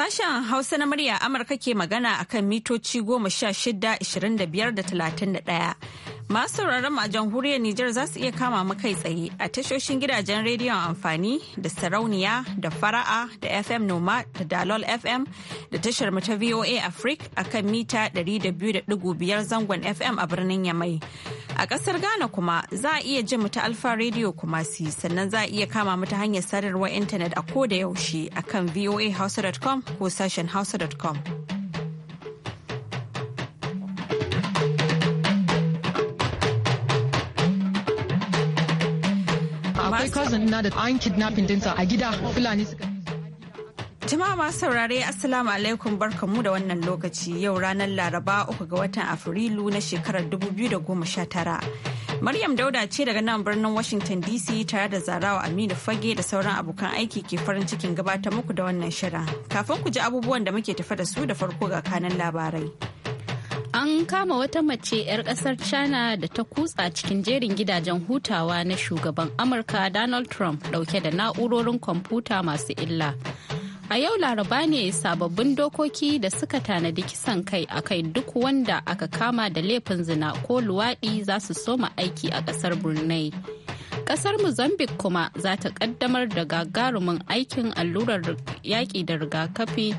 Sashen Hausa na murya Amurka ke magana akan mitoci goma sha shida, ashirin da biyar da talatin da ɗaya. Masu sauraron a jamhuriyar Nijar za su iya kama mu kai tsaye a tashoshin gidajen rediyon amfani da sarauniya da fara'a da FM Noma da Dalol FM da tashar mu ta VOA Africa a kan mita 200.5 zangon FM a birnin Yamai. A ƙasar Ghana kuma za a iya jin mu ta Alfa Radio Kumasi sannan za a iya kama mu ta hanyar sadarwar intanet a ko da yaushe a kan voahausa.com ko sashen hausa.com. akwai cousin na da an kidnapping dinsa a gida fulani suka Jama'a masu saurare Assalamu alaikum barkamu da wannan lokaci yau ranar Laraba uku ga watan Afrilu na shekarar 2019. Maryam Dauda ce daga nan birnin Washington DC tare da Zarawa Aminu Fage da sauran abokan aiki ke farin cikin gabatar muku da wannan shirin. Kafin ku ji abubuwan da muke tafa da su da farko ga kanan labarai. An kama wata mace 'yar ƙasar China da ta kutsa cikin jerin gidajen hutawa na shugaban Amurka Donald Trump ɗauke da na'urorin kwamfuta masu illa. A yau laraba ne sababbin dokoki da suka tanadi kisan kai a kai duk wanda aka kama da laifin zina ko luwaɗi za su soma aiki a ƙasar Brunei. kasar mozambique kuma za ta ƙaddamar da gagarumin aikin allurar yaƙi da rigakafi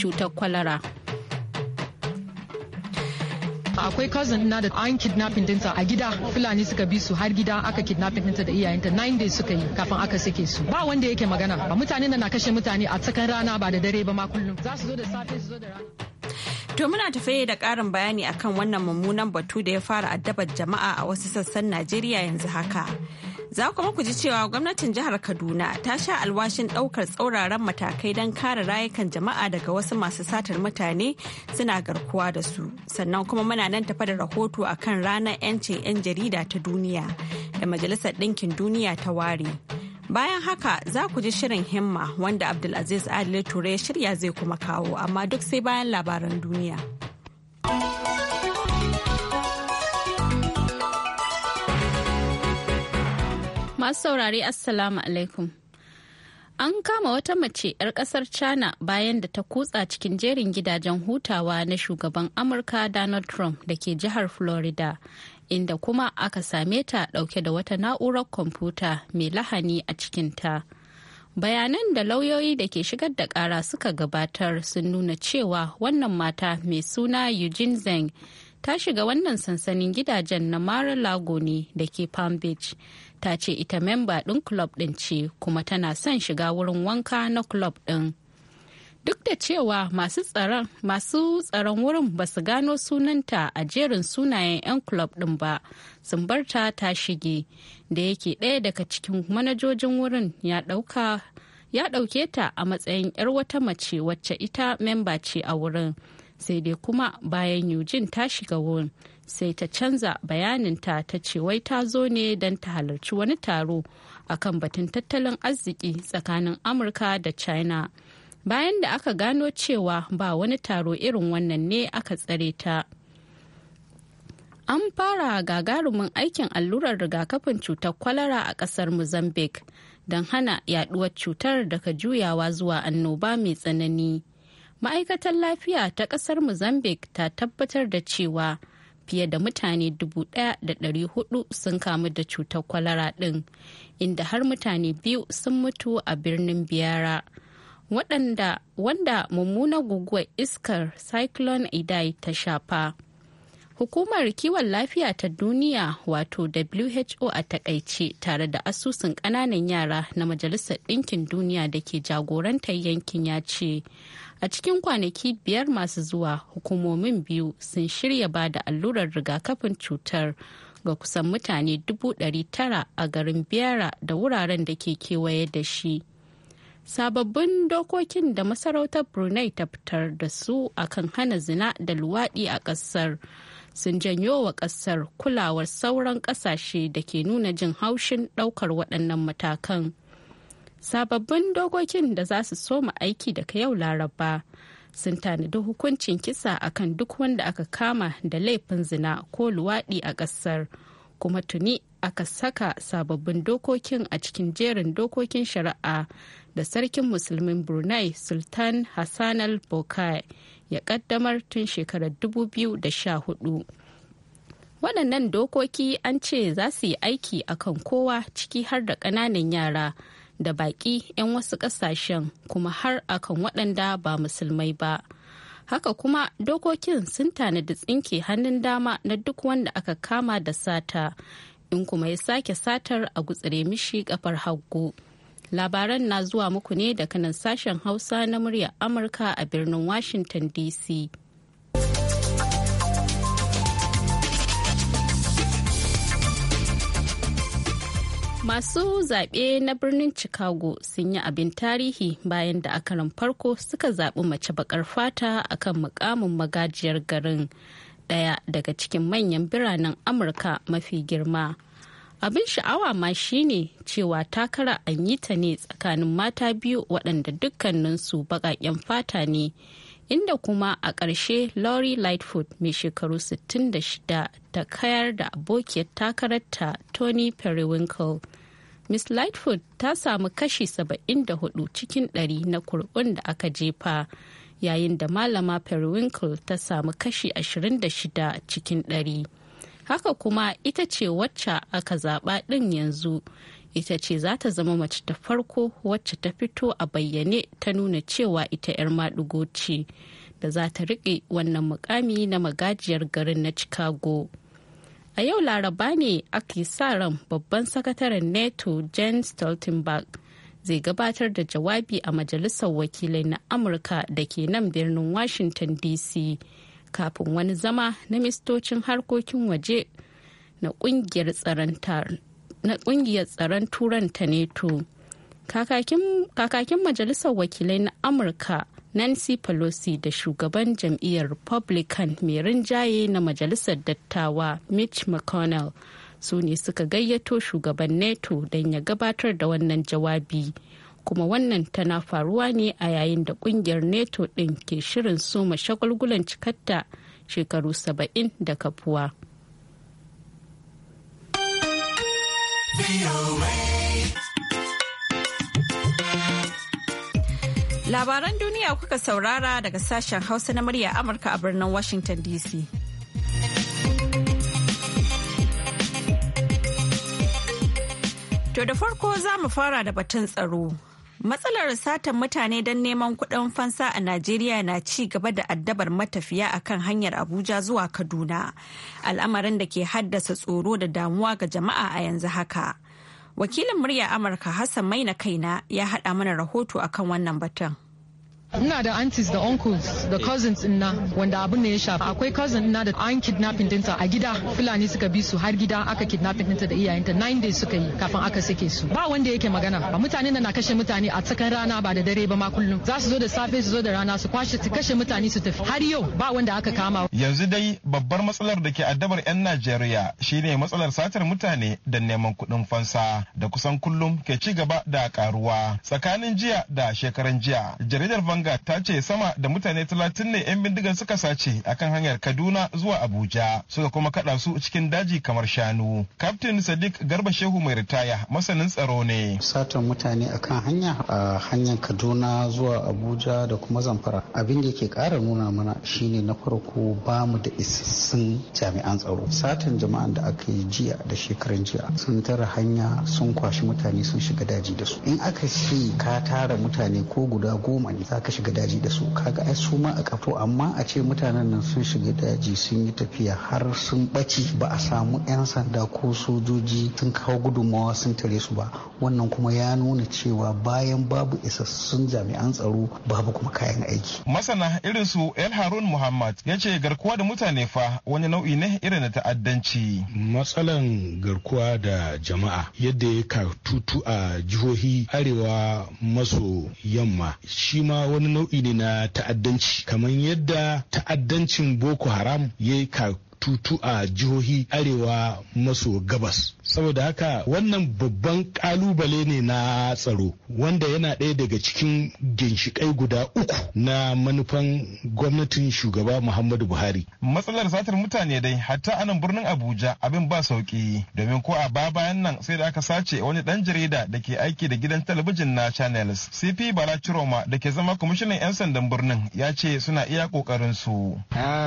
cutar kwalara akwai cousin na da an kidnapping dinta a gida fulani suka bi su har gida aka kidnapping dinta da iyayenta nine days suka yi kafin aka sake su ba wanda yake magana ba mutane na kashe mutane a tsakan rana ba da dare ba ma kullum za su zo da safe su zo da rana To muna tafe da ƙarin bayani akan wannan mummunan batu da ya fara addabar jama'a a wasu sassan Najeriya yanzu haka. Za kuma ku ji cewa gwamnatin jihar Kaduna ta sha alwashin ɗaukar tsauraran matakai don kare rayukan jama'a daga wasu masu satar mutane suna garkuwa da su. Sannan kuma muna nan tafa da rahoto a kan ranar 'yancin 'yan jarida ta duniya da Majalisar Ɗinkin Duniya ta ware. Bayan haka za ku ji shirin himma wanda Abdulaziz Adil Ture shirya zai kuma kawo amma duk sai bayan labaran duniya. Masu saurari, Assalamu alaikum. An kama wata mace 'yar kasar China bayan da ta kutsa cikin jerin gidajen hutawa na shugaban Amurka Donald Trump da ke jihar Florida, inda kuma aka same ta dauke da wata na'urar kwamfuta mai lahani a cikinta. Bayanan da lauyoyi da ke shigar da kara suka gabatar sun nuna cewa wannan mata mai suna Eugene Zeng ta shiga wannan sansanin gidajen na mara lago ne da ke palm beach ta ce ita memba ɗin club ɗin ce kuma tana son shiga wurin wanka na club ɗin duk da cewa masu tsaron masu tsaron wurin ba su gano sunanta a jerin sunayen 'yan club din ba sun barta ta shige da yake ɗaya daga cikin manajojin wurin ya ɗauka ya ɗauke ta a matsayin 'yar wata mace wacce ita memba ce a wurin sai dai kuma bayan eugene ta shiga wurin sai ta canza bayanin ta ta ce wai ta zo ne don ta halarci wani taro akan batun tattalin arziki tsakanin amurka da china bayan da aka gano cewa ba wani taro irin wannan ne aka tsare ta an fara gagarumin aikin allurar rigakafin cutar kwalara a kasar mozambique don hana yaduwar cutar daga juyawa zuwa annoba mai tsanani ma'aikatar lafiya ta kasar mozambique ta tabbatar da cewa fiye da mutane 1,400 sun kamu da cutar kwalara ɗin inda har mutane biyu sun mutu a birnin biyara waɗanda wanda mummunar guguwar iskar cyclone idai ta shafa hukumar kiwon lafiya ta duniya wato who a takaice tare da asusun ƙananan yara na majalisar ɗinkin duniya da ke jagorantar yankin ya ce a cikin kwanaki biyar masu zuwa hukumomin biyu sun shirya ba da allurar rigakafin cutar ga kusan mutane tara a garin biyara da wuraren da ke kewaye da shi sababbin dokokin da masarautar brunei ta fitar da su akan hana zina da luwaɗi a ƙasar sun janyo wa ƙasar kulawar sauran ƙasashe da ke nuna jin haushin ɗaukar waɗannan matakan. sababbin dokokin da za su soma aiki daga yau laraba sun tanadi hukuncin kisa akan duk wanda aka kama da laifin zina ko luwaɗi a ƙasar kuma tuni aka saka sababbin dokokin a cikin jerin dokokin shari'a da sarkin musulmin brunei sultan hassan al ya kaddamar tun shekarar 2014 waɗannan dokoki an ce za su yi aiki akan kowa ciki har da ƙananan yara da baƙi 'yan wasu ƙasashen kuma har akan waɗanda ba musulmai ba. Haka kuma dokokin sun tanadi tsinke hannun dama na duk wanda aka kama da sata, in kuma ya sake satar a gutsire mishi kafar hagu. Labaran na zuwa muku ne da kanan sashen Hausa na murya Amurka a birnin Washington DC. Masu zaɓe na birnin Chicago sun yi abin tarihi bayan da a karan farko suka zaɓi mace baƙar fata a kan mukamin magajiyar garin ɗaya daga cikin manyan biranen Amurka mafi girma. Abin sha'awa ma shine cewa takara an yi ta ne tsakanin mata biyu waɗanda dukkaninsu baƙaƙen fata ne. inda kuma a ƙarshe Lori Lightfoot mai shekaru 66 ta kayar da abokiyar takararta Tony Periwinkle Miss Lightfoot ta samu kashi 74 cikin 100 na kur'un da aka jefa, yayin da Malama Periwinkle ta samu kashi 26 cikin 100. Haka kuma ita ce wacce aka zaɓa ɗin yanzu, ita ce za ta zama mace ta farko wacce ta fito a bayyane ta nuna cewa ita 'yar maɗugo ce, da za ta riƙe wannan mukami na magajiyar garin na Chicago. A yau laraba ne ake sa ran babban sakataren NATO Jen Stoltenberg zai gabatar da jawabi a Majalisar Wakilai na Amurka da ke nan birnin Washington DC kafin wani zama na mistocin harkokin waje na kungiyar tsaron turanta NATO. Kakakin Majalisar Wakilai na Amurka nancy pelosi da shugaban jam'iyyar republican mai rinjaye na majalisar dattawa mitch mcconnell su ne suka gayyato shugaban neto don ya gabatar da wannan jawabi kuma wannan tana faruwa ne a yayin da kungiyar neto ɗin ke shirin soma shagulgulan cikatta shekaru saba'in da kafuwa. Labaran duniya kuka saurara daga sashen Hausa na murya Amurka a birnin Washington DC. To da farko za mu fara da batun tsaro. Matsalar satan mutane don neman kudin fansa a Najeriya na ci gaba da addabar matafiya a kan hanyar Abuja zuwa Kaduna. Al'amarin da ke haddasa tsoro da damuwa ga jama'a a yanzu haka. Wakilin murya Amurka Hassan mai Maina kaina ya haɗa mana rahoto akan wannan batun. Ina da aunties da uncles da cousins ina wanda abin ne ya shafa. Akwai cousin ina da an kidnapping dinta a gida Fulani suka bi su har gida aka kidnapping dinta da iyayenta 9 days suka yi kafin aka sake su. Ba wanda yake magana. a Mutane na kashe mutane a tsakan rana ba da dare ba ma kullum. Za su zo da safe su zo da rana su kwashe su kashe mutane su tafi. Har yau ba wanda aka kama. Yanzu dai babbar matsalar da ke addabar 'yan Najeriya shine matsalar satar mutane da neman kuɗin fansa da kusan kullum ke ci gaba da karuwa. Tsakanin jiya da shekaran jiya jaridar manga ta ce sama da mutane talatin ne 'yan bindigar suka sace akan hanyar Kaduna zuwa Abuja suka kuma kada su cikin daji kamar shanu. Kaftin Sadiq Garba Shehu mai ritaya masanin tsaro ne. Satan mutane akan hanya a hanyar Kaduna zuwa Abuja da kuma Zamfara. Abin da ke kara nuna mana shine na farko ba mu da isassun jami'an tsaro. Satan jama'an da aka yi jiya da shekaran jiya sun tara hanya sun kwashi mutane sun shiga daji da su. In aka ce ka tara mutane ko guda goma ne aka shiga daji da su kaga ai su ma a kafo amma a ce mutanen nan sun shiga daji sun yi tafiya har sun ɓaci ba a samu 'yan sanda ko sojoji sun kawo gudunmawa sun tare su ba wannan kuma ya nuna cewa bayan babu isassun jami'an tsaro babu kuma kayan aiki. Masana irin su El Harun Muhammad ya ce garkuwa da mutane fa wani nau'i ne irin da ta'addanci. Matsalan garkuwa da jama'a yadda ya ka tutu a jihohi arewa maso yamma shi ma wani nau'i ne na ta'addanci kamar yadda ta'addancin boko haram ya yi tutu a jihohi arewa maso gabas saboda haka wannan babban kalubale ne na tsaro wanda yana ɗaya daga cikin ginshiƙai guda uku na manufan gwamnatin shugaba muhammadu buhari matsalar satar mutane dai hatta anan birnin abuja abin ba sauki domin ko a ba bayan nan sai da aka sace wani dan jarida da ke aiki da gidan talabijin na channels cp barachiroma da ke zama kwamishinan 'yan sandan birnin ya ce suna iya kokarin su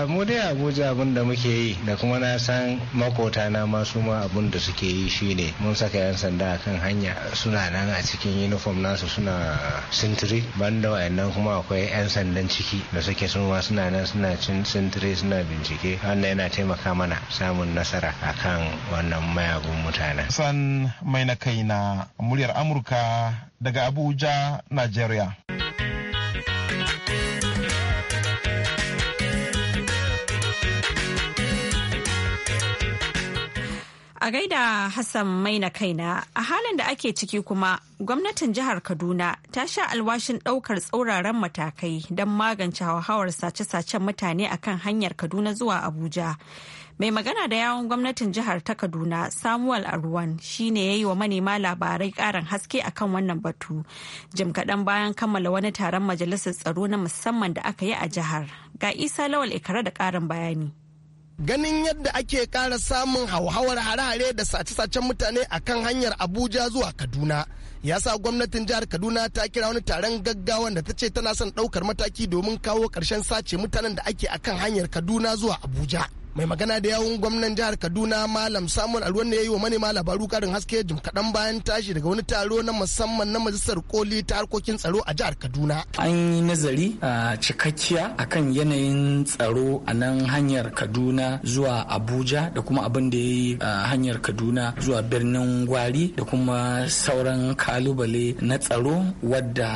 mu dai abuja abin da muke yi da kuma na san makota na masu ma abin da suke yi shine mun saka 'yan sanda a kan hanya suna nan a cikin uniform nasu suna sintiri banda wayannan kuma akwai 'yan sandan ciki da suke suma suna nan suna cin sintiri suna bincike wannan yana taimaka mana samun nasara akan wannan mayagun mutanen. san mai na kai na muryar amurka daga abuja nigeria. A gaida Hassan mai Maina kaina a halin da ake ciki kuma gwamnatin jihar Kaduna ta sha alwashin ɗaukar tsauraran matakai don magance hauhawar sace-sacen mutane a kan hanyar Kaduna zuwa Abuja. Mai magana da yawon gwamnatin jihar ta Kaduna Samuel Arwan shi ne ya yi wa manema labarai ƙarin haske akan wannan batu. Jim kaɗan bayan kammala wani taron majalisar tsaro na musamman da aka yi a jihar. Ga Isa Lawal Ikara da ƙarin bayani. ganin yadda ake kara samun hauhawar hare-hare da sace-sacen mutane a kan hanyar abuja zuwa kaduna ya sa gwamnatin jihar kaduna ta kira wani taron gaggawa da ta ce tana son ɗaukar mataki domin kawo ƙarshen sace mutanen da ake akan hanyar kaduna zuwa abuja mai magana da yawun gwamnan jihar kaduna malam samuel alwan ne ya yi wa manema labaru karin haske jim kaɗan bayan tashi daga wani taro na musamman na majalisar koli ta harkokin tsaro a jihar kaduna an yi nazari a cikakkiya akan yanayin tsaro a nan hanyar kaduna zuwa abuja da kuma abin da ya yi hanyar kaduna zuwa birnin gwari da kuma sauran kalubale na tsaro wadda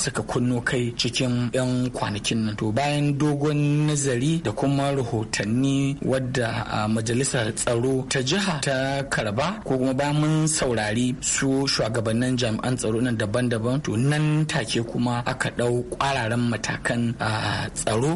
suka kunno kai cikin 'yan kwanakin nan to bayan dogon nazari da kuma rahotanni wadda a majalisar tsaro ta jiha ta karba ko kuma ba mun saurari su shugabannin jami'an tsaro nan daban-daban to nan take kuma aka ɗau ƙwararren matakan tsaro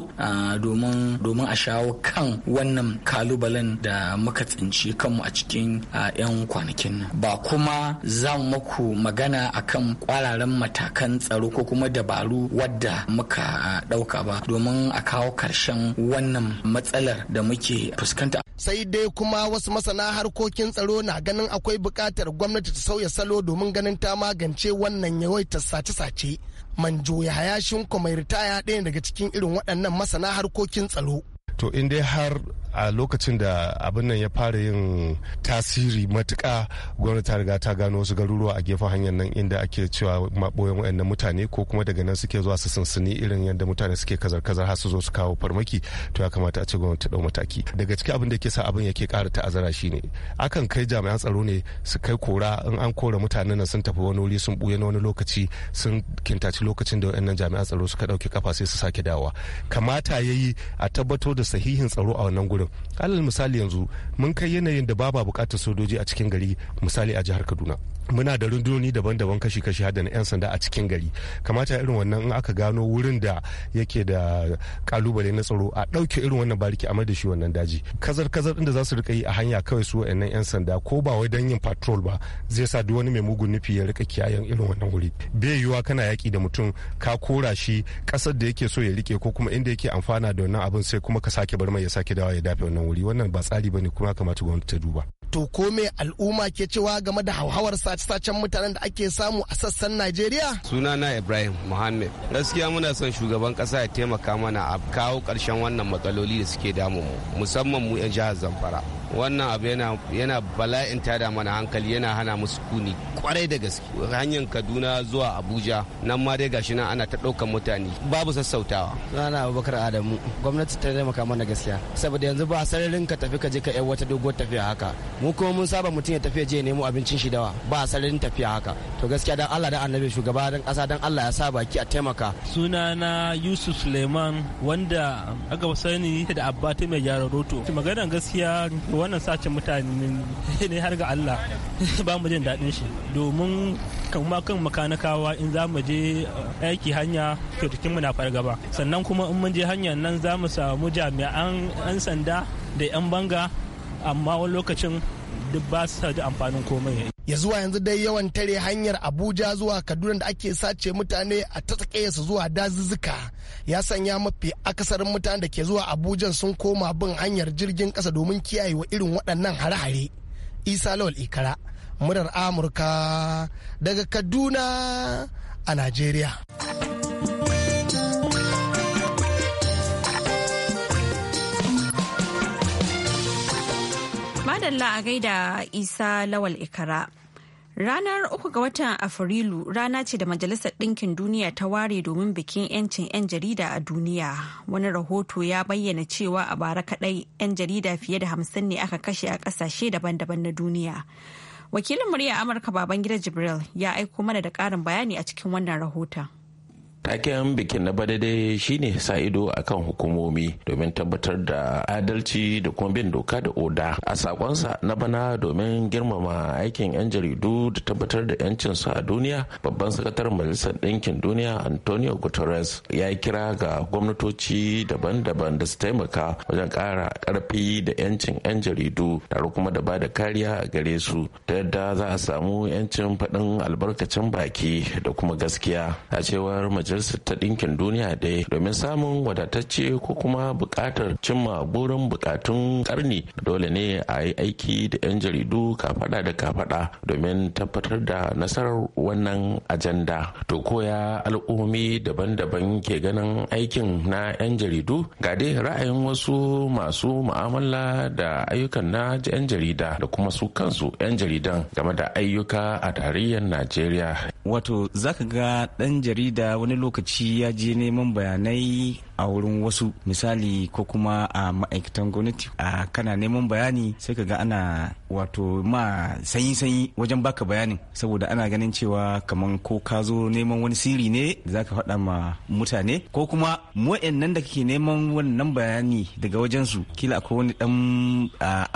domin a shawo kan wannan kalubalen da muka tsinci kanmu a cikin 'yan kwanakin nan ba kuma za mu maku magana akan kwararen matakan tsaro ko kuma dabaru wadda muka ɗauka ba domin a kawo karshen wannan matsalar da muke fuskanta sai dai kuma wasu masana harkokin tsaro na ganin akwai buƙatar gwamnati ta sauya salo domin ganin ta magance wannan yawaitar sace-sace manjo ya hayashin kuma ritaya ɗaya daga cikin irin waɗannan masana harkokin tsaro to in dai har a lokacin da abin nan ya fara yin tasiri matuka gwamnati ta riga ta gano wasu garuruwa a gefen hanyar nan inda ake cewa maɓoyan waɗannan mutane ko kuma daga nan suke zuwa su sunsuni irin yadda mutane suke kazar-kazar har su zo su kawo farmaki to ya kamata a ce gwamnati ta ɗau mataki daga cikin abin da ke sa abin yake ƙara ta'azara shine akan kai jami'an tsaro ne su kai kora in an kora mutanen nan sun tafi wani wuri sun buya na wani lokaci sun kintaci lokacin da waɗannan jami'an tsaro suka ɗauke kafa sai su sake dawowa kamata yayi a tabbatar da sahihin tsaro a wannan gurin alal misali yanzu mun kai yanayin da ba bukatar sojoji a cikin gari misali a jihar kaduna muna da rundunoni daban-daban kashi-kashi hada na 'yan sanda a cikin gari kamata irin wannan in aka gano wurin da yake da kalubale na tsaro a ɗauke irin wannan bariki amma da shi wannan daji kazar-kazar inda za su rika yi a hanya kawai su wa'annan 'yan sanda ko ba wai don yin patrol ba zai sa duk wani mai mugun nufi ya rika kiyayen irin wannan wuri bai yiwuwa kana yaki da mutum ka kora shi ƙasar da yake so ya rike ko kuma inda yake amfana da wannan abin sai kuma ka sake bar mai ya sake dawa ya dafe wannan wuri wannan ba tsari bane kuma kamata gwamnati ta duba to ko me al'umma ke cewa game da hauhawar sace-sacen mutanen da ake samu a sassan Najeriya? Sunana Ibrahim Muhammad. Gaskiya muna son shugaban kasa ya taimaka mana a kawo ƙarshen wannan matsaloli da suke damu mu musamman mu 'yan jihar Zamfara. wannan abu yana bala'in tada mana hankali yana hana musu kuni, kwarai da gaske hanyar kaduna zuwa abuja nan ma dai gashi nan ana ta ɗaukar mutane babu sassautawa sunana abubakar adamu gwamnati ta taimaka mana gaskiya saboda yanzu ba sararin ka tafi ka je ka yan wata doguwar tafiya haka mu kuma mun saba mutum ya tafiya je nemo abincin shi dawa ba sararin tafiya haka to gaskiya dan Allah da annabi shugaba dan kasa dan Allah ya sa baki a taimaka Suna na Yusuf Suleiman wanda aka sani da ta mai gyara roto magana gaskiya wannan sace mutane ne har ga Allah ba mu jin daɗin shi domin kuma kan makanakawa in za mu je aiki hanya to muna na fargaba sannan kuma in mun je hanyar nan za mu samu jami'an 'yan sanda da 'yan banga amma wani lokacin duk ba su da amfanin komai ya zuwa yanzu dai yawan tare hanyar abuja zuwa kaduna da ake sace mutane a ta su zuwa dazuzzuka ya sanya mafi akasarin mutane da ke zuwa abuja sun koma bin hanyar jirgin kasa domin kiyayewa irin waɗannan hare-hare isa lawal ikara murar amurka daga kaduna a najeriya Madalla a gaida Isa Lawal Ikara. Ranar uku ga watan Afrilu rana ce da Majalisar Ɗinkin Duniya ta ware domin bikin 'yancin 'yan jarida a duniya. Wani rahoto ya bayyana cewa a bara kadai 'yan jarida fiye da hamsin ne aka kashe a ƙasashe daban-daban na duniya. Wakilin murya Amurka baban Babangida Jibril ya aiko mana da ƙarin bayani a cikin wannan rahoton. taken bikin na bada dai shine sa ido akan hukumomi domin tabbatar da adalci da kuma bin doka da oda a sakonsa na bana domin girmama aikin 'yan jaridu da tabbatar da 'yancinsu a duniya babban sakataren majalisar ɗinkin duniya antonio guterres ya yi kira ga gwamnatoci daban-daban da su taimaka wajen ƙara karfi da 'yancin 'yan jaridu tare kuma da ba da kariya a gare su ta yadda za a samu 'yancin faɗin albarkacin baki da kuma gaskiya a cewar majalisar majalisar ta ɗinkin duniya dai domin samun wadatacce ko kuma buƙatar cimma burin buƙatun ƙarni dole ne a yi aiki da 'yan jaridu kafaɗa da kafaɗa domin tabbatar da nasarar wannan ajanda to koya al'ummi daban-daban ke ganin aikin na 'yan jaridu ga dai ra'ayin wasu masu mu'amala da ayyukan na 'yan jarida da kuma su kansu 'yan jaridan game da ayyuka a tarayyar najeriya wato zaka ga ɗan jarida wani lokaci ya je neman bayanai a wurin wasu misali ko kuma a ma'aikatan gwamnati a kana neman bayani sai ka ga ana wato ma sanyi-sanyi wajen baka bayanin saboda ana ganin cewa kamar ko ka zo neman wani siri ne za ka faɗa ma mutane ko kuma nan da kake neman wannan bayani daga wajensu kila akwai wani dan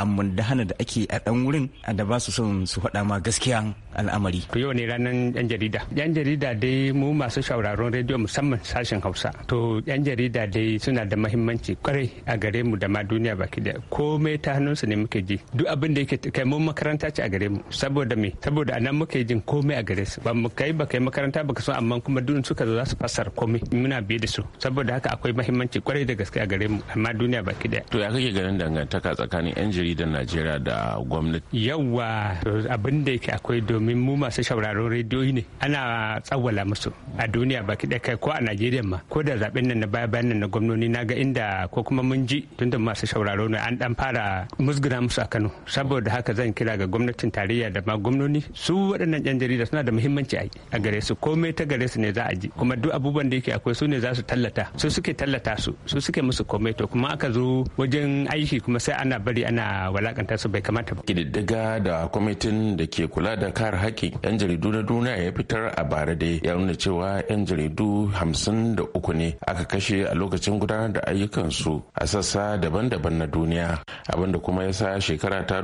amman hana da ake a dan wurin da ba su son su faɗa ma gaskiya al'amari. yau ne ranar yan jarida yan jarida dai mu masu shauraron rediyo musamman sashen hausa to yan jarida jarida dai suna da mahimmanci kwarai a gare mu da ma duniya baki da komai ta hannunsu ne muke ji duk abin da yake kai mun makaranta ce a gare mu saboda me saboda anan muke jin komai a gare su ba mu kai ba kai makaranta ba ka so amma kuma duk suka zo za su fasar komai muna biye da su saboda haka akwai mahimmanci kwarai da gaske a gare mu amma duniya baki da to ya kake ganin dangantaka tsakanin yan jaridan Najeriya da gwamnati yawa abin da yake akwai domin mu masu shauraron rediyoyi ne ana tsawwala musu a duniya baki da kai ko a Najeriya ma ko da zaben nan na baya zaben na gwamnoni na ga inda ko kuma mun ji tunda masu shauraro ne an dan fara musguna musu a Kano saboda haka zan kira ga gwamnatin tarayya da ma gwamnoni su waɗannan yan jarida suna da muhimmanci a gare su komai ta gare su ne za a ji kuma duk abubuwan da yake akwai su ne za su tallata su suke tallata su su suke musu komai to kuma aka zo wajen aiki kuma sai ana bari ana walakanta su bai kamata ba kididdiga da kwamitin da ke kula da kare haƙƙin yan jaridu na duniya ya fitar a bara dai ya nuna cewa yan jaridu hamsin da uku ne aka kashe a lokacin gudanar da ayyukansu a sassa daban-daban na duniya abinda kuma ya sa shekara ta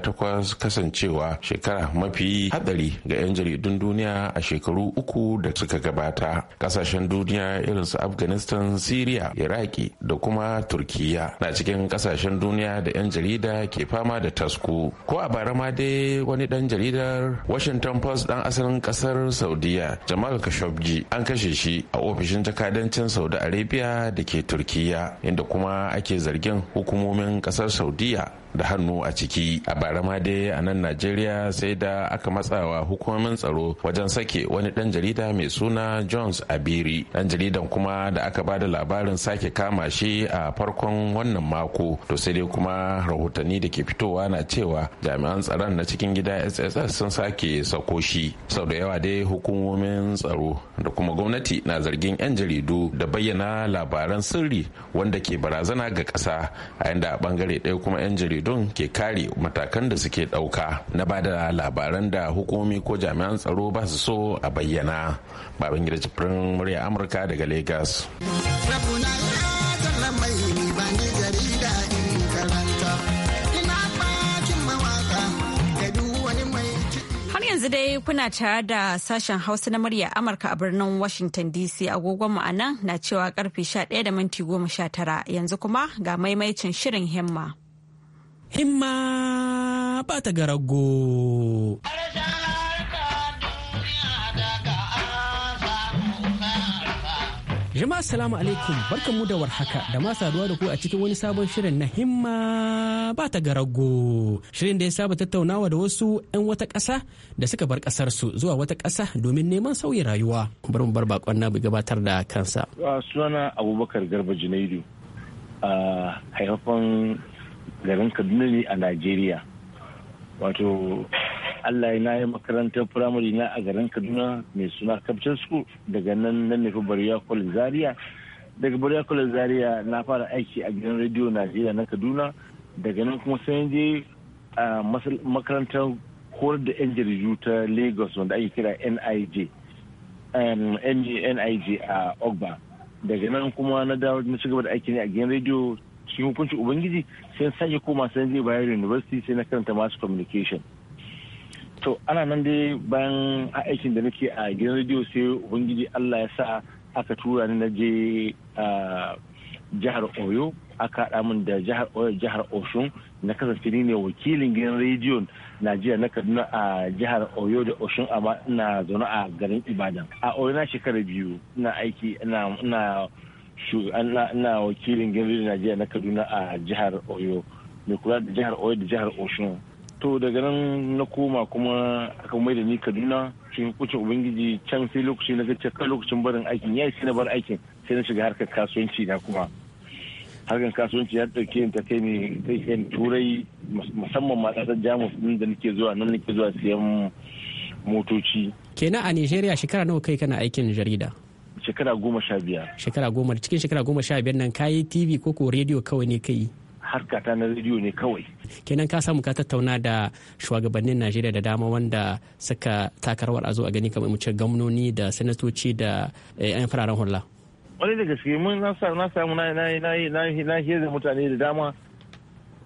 takwas kasancewa shekara mafi hadari ga 'yan jaridun duniya a shekaru uku da suka gabata kasashen duniya irin su afghanistan syria iraki da kuma turkiya na cikin kasashen duniya da 'yan jarida ke fama da tasku ko a bara ma dai wani dan jaridar washington post dan asalin kasar saudiya jamal khashoggi an kashe shi a ofishin jakadancin saudi arabia da ke turkiya inda kuma ake zargin hukumomin kasar saudiya da hannu a ciki a bara ma dai a nan najeriya sai da aka matsawa hukumomin tsaro wajen sake wani dan jarida mai suna jones abiri dan jaridan kuma da aka ba da labarin sake kama shi a farkon wannan mako to sai dai kuma rahotanni da ke fitowa na cewa jami'an tsaron na cikin gida sss sun sake sako shi sau da yawa dai hukumomin tsaro da kuma gwamnati na zargin 'yan jaridu da bayyana labaran sirri wanda ke barazana ga ƙasa a yanda a bangare ɗaya kuma 'yan jaridu jaridun ke kare matakan da suke dauka na ba da labaran da hukumomi ko jami'an tsaro ba su so a bayyana babangida jifirin murya amurka daga lagos yanzu dai kuna tare da sashen hausa na murya amurka a birnin washington dc agogon mu anan na cewa karfe 11 da minti yanzu kuma ga maimaicin shirin himma. himma ba ta garago. Jama'a salamu alaikum barkanmu da warhaka da ma saduwa da ku a cikin wani sabon shirin na himma ba ta garago. Shirin da ya saba tattaunawa da wasu 'yan wata ƙasa da suka bar ƙasar su zuwa wata ƙasa domin neman sauyi rayuwa. Bari mu bar bakon na gabatar da kansa. Sunana Abubakar Garba Junaidu. haifafan garin kaduna ne a nigeria wato allah ya yi makarantar firamare na a garin kaduna mai suna capital school daga nan na nufi bariya kwallon zaria daga bariya kwallon zaria na fara aiki a gidan rediyo nigeria na kaduna daga nan kuma sai je a makarantar horar da yan jaridu ta lagos wanda ake kira nij um, nij e a ogba daga nan kuma na dawo na cigaba da aiki ne a gidan rediyo cikin hukuncin ubangiji sai sake koma sai zai bayar university sai na karanta mass communication to ana nan dai bayan aikin da nake a gidan radio sai ubangiji allah ya sa aka tura ni na je jihar oyo aka haɗa min da jihar oyo jihar oshun na kasance ni ne wakilin gidan rediyon najeriya na kaduna a jihar oyo da oshun amma ina zaune a garin ibadan a oyo na shekara biyu ina aiki ina ina wakilin gandun najeriya na kaduna a jihar oyo mai kula da jihar oyo da jihar oshun to daga nan na koma kuma aka mai da ni kaduna cikin kucin ubangiji can sai lokaci na ga kan lokacin barin aikin ya sai na bar aikin sai na shiga harkar kasuwanci na kuma harkar kasuwanci ya ɗauke ta kai ne kai kai turai musamman ma jamus ɗin da nake zuwa nan nake zuwa siyan motoci kenan a nigeria shekara nawa kai kana aikin jarida shekara goma sha biyar shekara goma cikin shekara goma sha biyar nan kayi tv ko ko rediyo kawai ne kai harka ta na rediyo ne kawai kenan ka samu ka tattauna da shugabannin najeriya da dama wanda suka taka rawar a zo a gani kamar mu ce gwamnoni da sanatoci da yan eh, fararen hula wani da gaske mun na samu na na da mutane da dama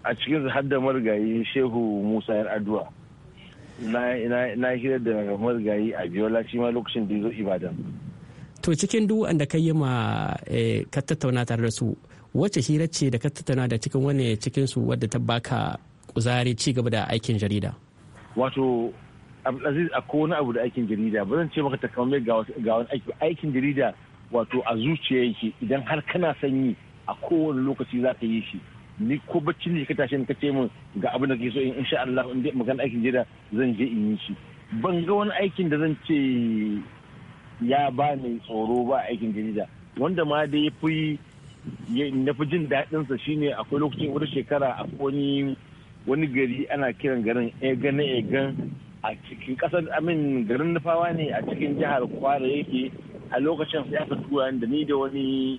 a cikin har da marigayi shehu musa yar addu'a na hira da marigayi a biyola shi ma lokacin da ya zo ibadan to cikin duk wanda ka yi ma eh, ka tattauna tare da su wacce hira ce da ka tattauna da cikin wani cikin su wadda ta baka kuzari ci gaba da aikin jarida wato abdulaziz a kowane abu da aikin jarida ba zan ce maka kamar ga wani aiki aikin jarida wato a zuciya yake idan har kana sanyi a kowane lokaci za ka yi shi ni ko bacci ne ka tashi ka ce min ga abin da ke so in insha Allah in dai magana aikin jarida zan je in yi shi ban ga wani aikin da zan ce ya ba ni tsoro ba aikin jarida wanda ma da ya fi na fi jin daɗinsa shine akwai lokacin wata shekara a wani wani gari ana kiran garin egan egan a cikin ƙasar amin garin nufawa ne a cikin jihar kwara yake a lokacin sai aka tura da ni da wani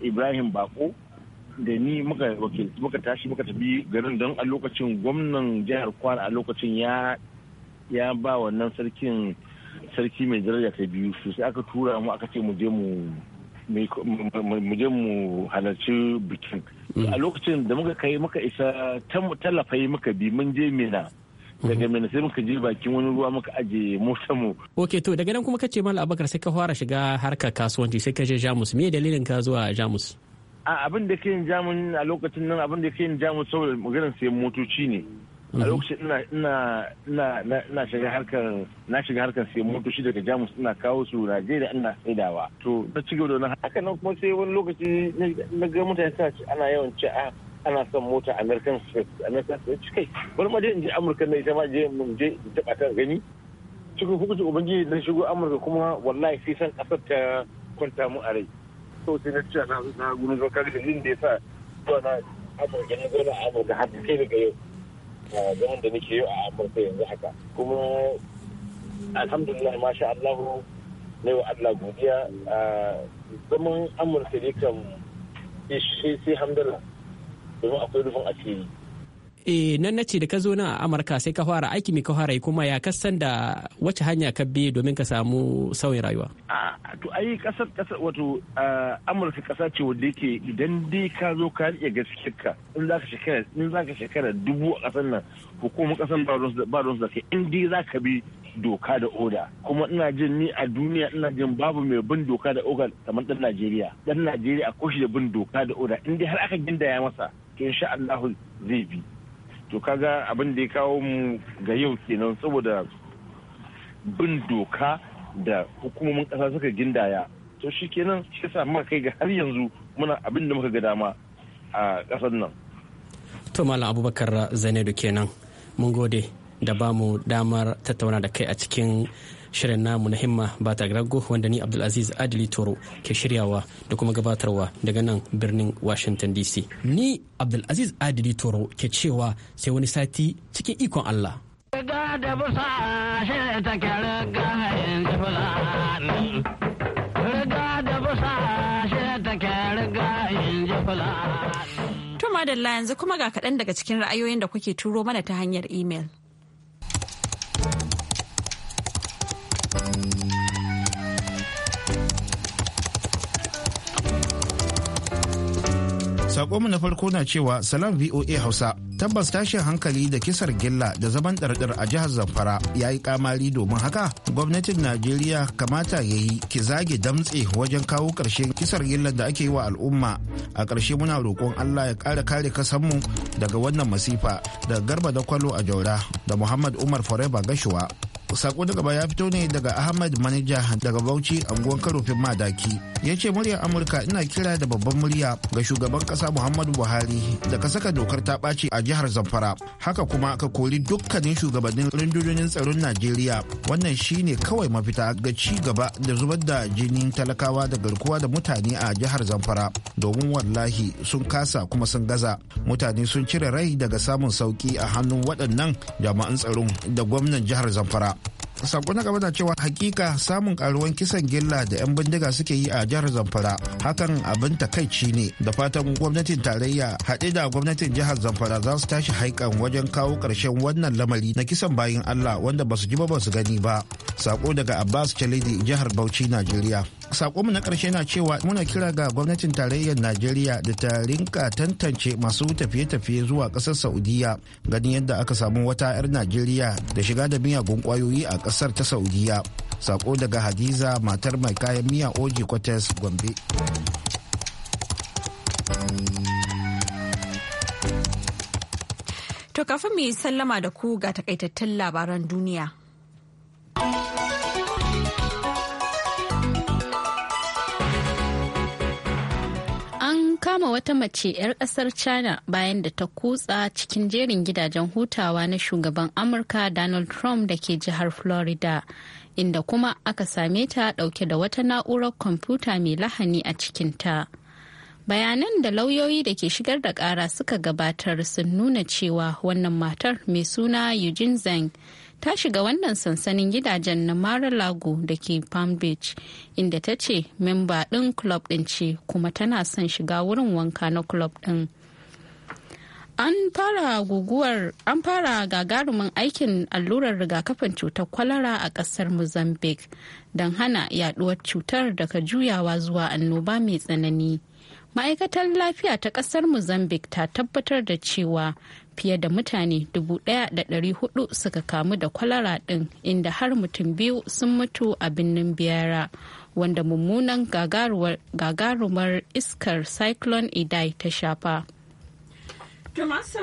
ibrahim bako da ni muka tashi muka tafi garin don a lokacin gwamnan jihar kwara a lokacin ya ya ba wannan sarkin sarki mai daraja ta biyu su sai aka tura mu aka ce mu je mu mu je mu halarci bikin mm. a lokacin da muka kai muka isa tallafai muka bi mun je mina daga mm-hmm. mina sai muka je bakin wani ruwa muka aje mota mu ok to daga nan kuma kace mal abakar sai ka fara shiga harkar kasuwanci sai ka je jamus me dalilin ka zuwa jamus a abin da ke yin jamus a lokacin nan abin da ke yin jamus saboda maganar sayan motoci ne a mhm. lokacin ina ina ina ina shiga harkar na shiga harkar sai motoci daga Jamus ina kawo su Najeriya ina saidawa to na ci gaba da haka nan kuma sai wani lokaci na ga mutane suna ci ana yawan ci a ah, ana son mota American Express American Express kai bari ma je in je Amurka ne sai ma je mun je in taba ta gani cikin hukuncin ubangiji na shigo Amurka kuma wallahi sai san kasar ta kwanta mu a rai to sai na ci na na zo kaga da yasa to na Amurka na zo na Amurka har sai daga yau jihar da nake yi a amurka yanzu haka kuma alhamdulillah masha allahu ne wa allah godiya a zaman amurka ne kan sai hamdala domin akwai rufin asiri eh nan nace da ka zo nan a Amurka sai ka fara aiki mai ka fara kuma ya kasan da wace hanya ka bi domin ka samu sauyin rayuwa a to ai kasar kasar wato Amurka kasa ce wanda yake idan dai ka zo ka rike gaskiyarka in za ka shekara in ka shekara dubu a kasar nan hukumar kasar ba don da kai in dai za ka bi doka da oda kuma ina jin ni a duniya ina jin babu mai bin doka da oda kamar dan Najeriya dan Najeriya a koshi da bin doka da oda in dai har aka gindaya masa to insha Allah zai bi to kaga abin da ya kawo mu ga yau kenan saboda bin doka da hukumomin ƙasa suka gindaya to shi kenan shi sa muka kai ga har yanzu muna abin da muka ga dama a ƙasar nan to malam abubakar zainadu kenan mun gode da bamu damar tattauna da kai a cikin shirin namu na himma ba ta wanda ni abdulaziz adili toro ke shiryawa da kuma gabatarwa daga nan birnin washington dc ni abdulaziz adili toro ke cewa sai wani sati cikin ikon allah Riga da busa shi To madalla yanzu kuma ga kaɗan daga cikin ra'ayoyin da kuke turo mana ta hanyar imel. mu na farko na cewa salam VOA Hausa tabbas tashin hankali da kisar gilla da zaman ɗarɗar a jihar Zamfara ya yi kamari domin haka gwamnatin Najeriya kamata ya yi ki zage damtse wajen kawo ƙarshen kisar gillar da ake yi wa al'umma. A ƙarshe muna roƙon Allah ya ƙara kare kasanmu daga wannan masifa da Garba da Kwalo a Jaura da Muhammad Umar Forever Gashuwa sako daga baya fito ne daga ahmad manija daga bauchi anguwan karofin madaki ya ce muryar amurka ina kira da babban murya ga shugaban kasa muhammadu buhari da ka saka dokar ta ɓaci a jihar zamfara haka kuma ka kori dukkanin shugabannin rundunonin tsaron najeriya wannan shine kawai mafita ga ci gaba da zubar da jinin talakawa da garkuwa da mutane a jihar zamfara domin wallahi sun kasa kuma sun gaza mutane sun cire rai daga samun sauki a hannun waɗannan jami'an tsaron da gwamnan jihar zamfara sakon na gaba na cewa hakika samun karuwan kisan gilla da 'yan bindiga suke yi a jihar zamfara hakan abin takaici ne da fatan gwamnatin tarayya haɗe da gwamnatin jihar zamfara za su tashi haikan wajen kawo ƙarshen wannan lamari na kisan bayan allah wanda ba su ji ba ba su gani ba sako daga abbas chalidi jihar bauchi najeriya sako na karshe na cewa muna kira ga gwamnatin tarayyar najeriya da ta rinka tantance masu tafiye-tafiye zuwa ƙasar saudiya ganin yadda aka samu wata 'yar najeriya da shiga da miyagun kwayoyi a kasar ta saudiya sako daga hadiza matar mai kayan miya oji kwates gombe to kafin mu yi sallama da ku ga takaitattun labaran duniya kama wata mace 'yar kasar China bayan da ta kutsa cikin jerin gidajen hutawa na shugaban Amurka Donald Trump da ke jihar Florida, inda kuma aka same ta dauke da wata na'urar kwamfuta mai lahani a cikinta. Bayanan da lauyoyi da ke shigar da kara suka gabatar sun nuna cewa wannan matar mai suna Eugene zeng ta shiga wannan sansanin gidajen na mara lago da ke palm beach inda ta ce memba ɗin club ɗin ce kuma tana son shiga wurin wanka na club ɗin an fara guguwar an fara gagarumin aikin allurar rigakafin cutar kwalara a ƙasar mozambique don hana yaduwar cutar daga juyawa zuwa annoba mai tsanani ma'aikatar lafiya ta ƙasar mozambique ta tabbatar da cewa fiye da mutane 1,400 suka kamu da kwalara ɗin inda har mutum biyu sun mutu a birnin biyara wanda mummunan gagarumar iskar cyclone idai ta shafa. masu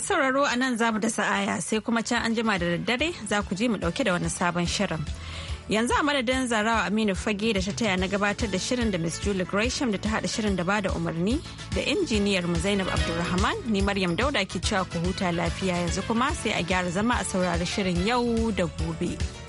sauraro a nan za mu da sa'aya sai kuma can an jima da daddare za ku ji mu dauke da wani sabon shirin. yanzu a madadin zarawa aminu fage da ta taya na gabatar da shirin da miss julie gresham da ta hada shirin da bada umarni da injiniyar mu zainab abdulrahman ni maryam dauda ke cewa ku huta lafiya yanzu kuma sai a gyara zama a saurari shirin yau da gobe.